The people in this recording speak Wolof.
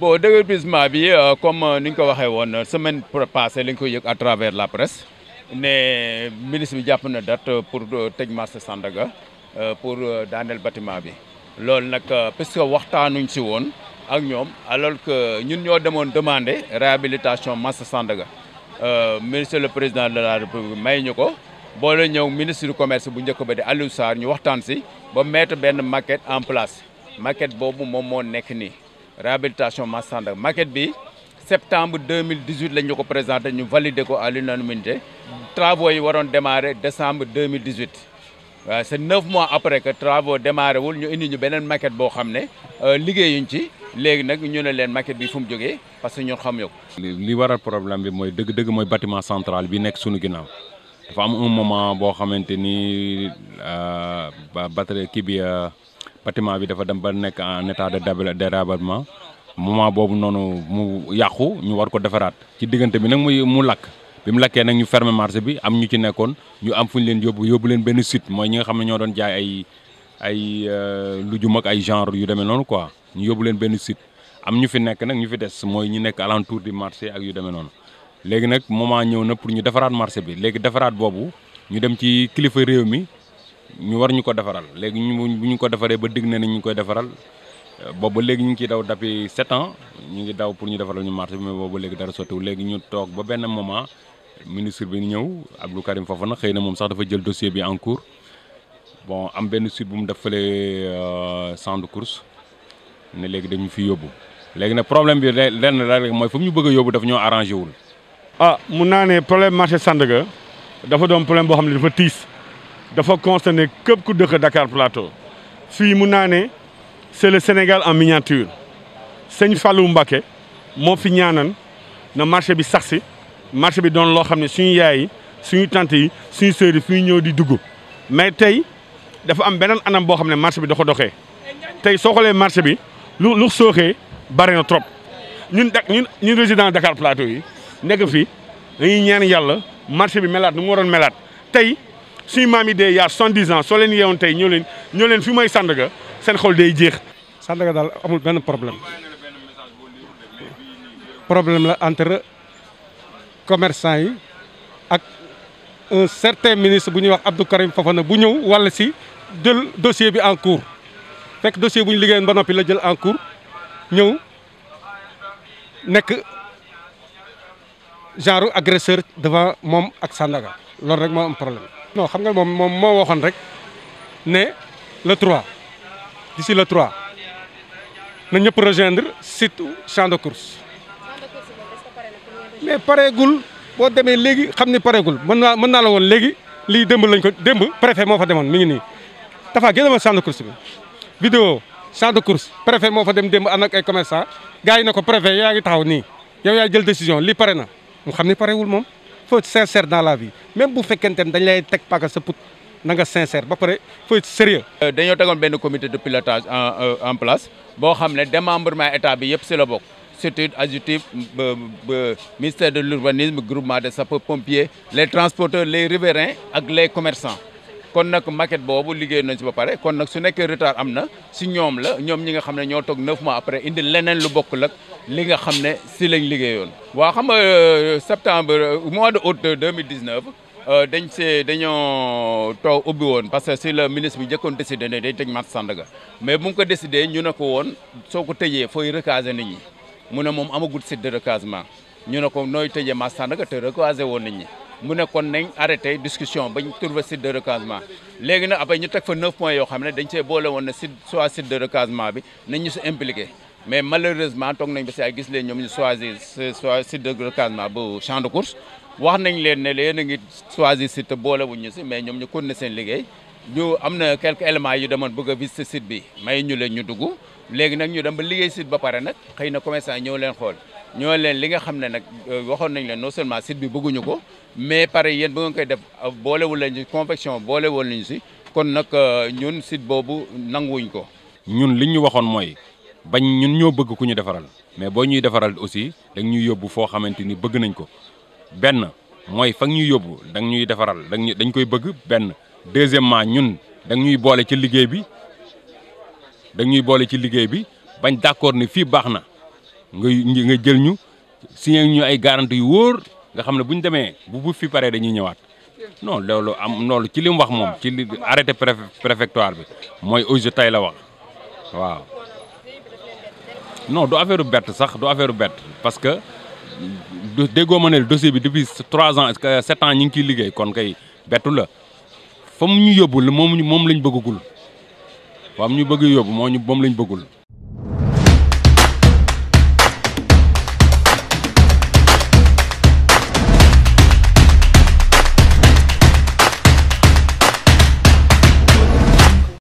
boo bon déguerpissement bi euh, comme euh, ni ñu ko waxee woon euh, semaine passée li ñu ko yëg à travers la presse ne ministre bi jàpp na date pour tëj marché Sandaga pour daaneel bâtiment bi loolu nag parce que waxtaanuñ si woon ak ñoom alors que ñun ñoo demoon demander réhabilitation marché Sandaga ministre le président de la république may ñu ko boole ñëw ministre du commerce bu njëkk ba di Aliou Sarr ñu waxtaan si ba mettre benn maquette en place maquette boobu moom moo nekk nii réhabilitation Mass Sandaga maquette bi septembre 2018 lañ ñu ko présenté ñu validé ko à l'unanimité travaux yi waroon démarrer décembre 2018 waaw c'est neuf mois après que travaux démarré wul ñu indi ñu beneen maquette boo xam ne liggéey euh, liggéeyuñ ci léegi nag ñu ne leen maquette bi fu mu jógee parce que xam xamuñu ko. li waral problème bi mooy dëgg-dëgg mooy bâtiment central bi nekk sunu ginnaaw dafa am un moment boo xamante ni euh, batterie kii bi. Euh, bâtiment bi dafa dem ba nekk en état de délabrement moment boobu noonu mu yàqu ñu war ko defaraat ci diggante bi nag muy mu lakk bi mu lakkee nag ñu fermer marché bi am ñu ci nekkoon ñu am fu ñu leen yóbbu yóbbu leen benn site mooy ñi nga xam ne ñoo doon jaay ay ay euh, lu jum ak ay genre yu demee noonu quoi ñu yóbbu leen benn site am ñu fi nekk nag ñu fi des mooy ñu nekk alentour di marché ak yu demee noonu léegi nag moment ñëw na pour ñu defaraat marché bi léegi defaraat boobu dem ci kilifa réew mi ñu war ñu ko defaral léegi ñu bu ñu ko defaree ba digg na ni ñu koy defaral boobu léegi ñu ngi ciy daw depuis sept ans ñu ngi daw pour ñu defaral ñu marché bi mais boobu ba léegi dara sottiwul léegi ñu toog ba benn moment ministre bi ñëw Abdou Karim Fofana xëy na moom sax dafa jël dossier bi en cours bon am benn suite bu mu def fële euh, champ de course ne léegi dañu fi yóbbu léegi nag problème bi lenn la rek mooy fu ñu bëgg a yóbbu daf ñoo arrangé wul. ah mun naa ne problème marché Sandaga dafa doon problème boo xam ne dafa tiis. dafa concerner képp ku dëkk dakaar Plateau fii mun naa ne c'est le Sénégal en miniature sëñ Fallou Mbacké moo fi ñaanan na marché bi sax si marché bi doon loo xam ne suñu yaay suñu tante yi suñu sœur yi fi ñëw di dugg mais tey dafa am beneen anam boo xam ne marché bi da ko doxee tey soo xoolee marché bi lu lu sooxee bare na trop ñun da ñun ñun résident Dakar yi nekk fi dañuy ñaan yàlla marché bi melaat nu mu waroon melaat tey. suñu maam yi dee yaa soixante-dix ans soo leen yeewoon tey ñoo leen ñoo leen fi mooy Sandaga seen xol day jeex. Sandaga daal amul benn problème problème la entre commerçant yi ak un ministre bu ñuy wax Abdou Karim Fofana bu ñëw walla si jël dossier bi en cours fekk dossier buñu ñu ba noppi la jël en cours ñëw nekk genre agresseur devant moom ak Sandaga loolu rek moo am problème. non xam nga moom moom moo waxoon rek ne le 3 d'ici le 3 na ñëpp rejoindre site champ de course. mais pareegul boo demee léegi xam ni pareegul mën naa mën naa la woon léegi lii demb lañ ko demb préfet moo fa demoon mi ngi nii dafa génn ma champ de course bi. vidéo champ de course préfet moo fa dem demb ànd ak ay commerçant gars yi ne ko préfet yaa ngi taxaw nii yow yaa jël décision lii pare na mu xam ni pareewul moom. faut être sincère dans la même bu fekkente ne dañ lay teg paaka sa put na ba pare faut être sérieux euh, dañoo tegoon benn comité de pilotage en euh, en place boo xam ne démembrement état bi yëpp si la bokk surtout adjoint ministère de l'urbanisme groupement de sapeurs pompiers les transporteurs les riverains ak les commerçants kon nag maquette boobu liggéey nañ si ba pare kon nag su nekkee retard am na si ñoom la ñoom ñi nga xam ne ñoo toog neuf mois après indi leneen lu bokk lak li nga xam ne si lañ liggéeyoon. waa xam nga euh, septembre euh, mois de août deux mille dix neuf euh, dañ see dañoo toog ubbi woon parce que si la ministre bi njëkkoon décidé ne day tëj Mat Sandaga mais bu mu ko décidé ñu ne ko woon soo ko tëjee fooy recaser nit ñi mu ne moom amagut site de recasement ñu ne ko nooy tëjee Mat Sandaga woon nit ñi. mu ne kon nañ arrêté discussion bañ trouver site de recasement léegi nag après ñu teg fa neuf points yoo xam ne dañ see boole woon ne si sois site de recasement bi nañ ñu si impliqué mais malheureusement toog nañ ba si ay gis leen ñoom ñu choisir soit site de recasement bu champ de course wax nañ leen ne leen a ngi choisir site boole wuñ ñu si mais ñoom ñu continuer seen liggéey ñu am na quelques éléments yu demoon bëgg a visiter site bi may ñu leen ñu dugg léegi nag ñu dem ba liggéey site ba pare nag xëy na commerçant ñëw leen xool ñoo leen li nga xam ne nag euh, waxoon nañ leen non seulement site bi bëgguñu ko mais pare yéen ba nga koy def a euh, lañ ci confection boolewul si kon nag euh, ñun site boobu nanguwuñ ko. ñun li ñu waxoon mooy bañ ñun ñoo bëgg ku ñu defaral mais boo ñuy defaral aussi da ñuy yóbbu foo xamante ni bëgg nañ ko benn mooy fa ñuy yóbbu da ñuy defaral dañ koy bëgg benn. deuxièmement ñun danga ñuy boole ci liggéey bi danga ñuy boole ci liggéey bi bañ d'accord ni fii baax na nga nga jël ñu signé ñu ay garantie yu wóor nga xam ne bu ñu demee bu bu fi paree dañuy ñëwaat non loolu am loolu ci li mu wax moom ci li arrêté préfectoire bi mooy auge tey la wax waaw non du affaire bett sax du affaire bett parce que déggoo ma ne dossier bi depuis trois ans sept ans ñu ngi ciy liggéey kon kay bettu la fa mu ñu yóbbu moom moom lañ bëggagul fa mu ñu bëgg yóbbu moo ñu moom lañ bëggul